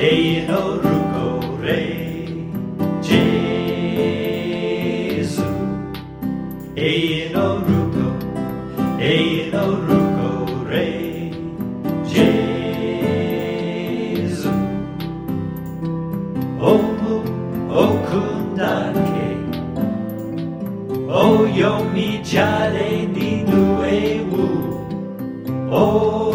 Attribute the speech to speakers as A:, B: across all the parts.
A: Ei no ruko re Jesu Ei ruko Ei ruko re Jesu Omu okundake O yomi jare ni nu ewu O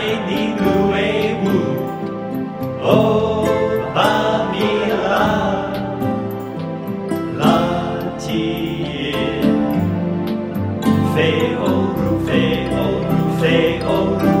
A: Rufeo, Rufeo, oh, Rufeo. Oh,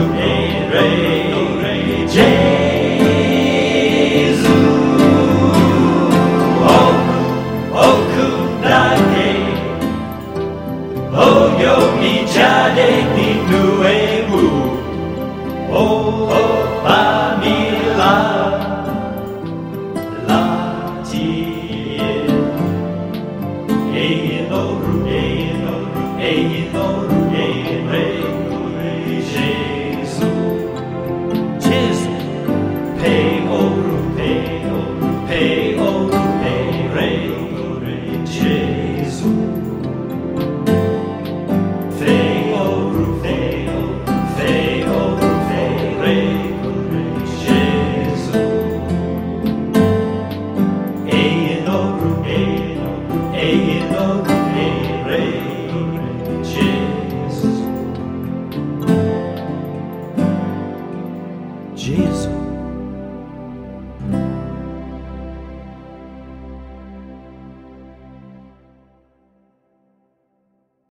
A: Hey, no, know, hey, you no, hey, no.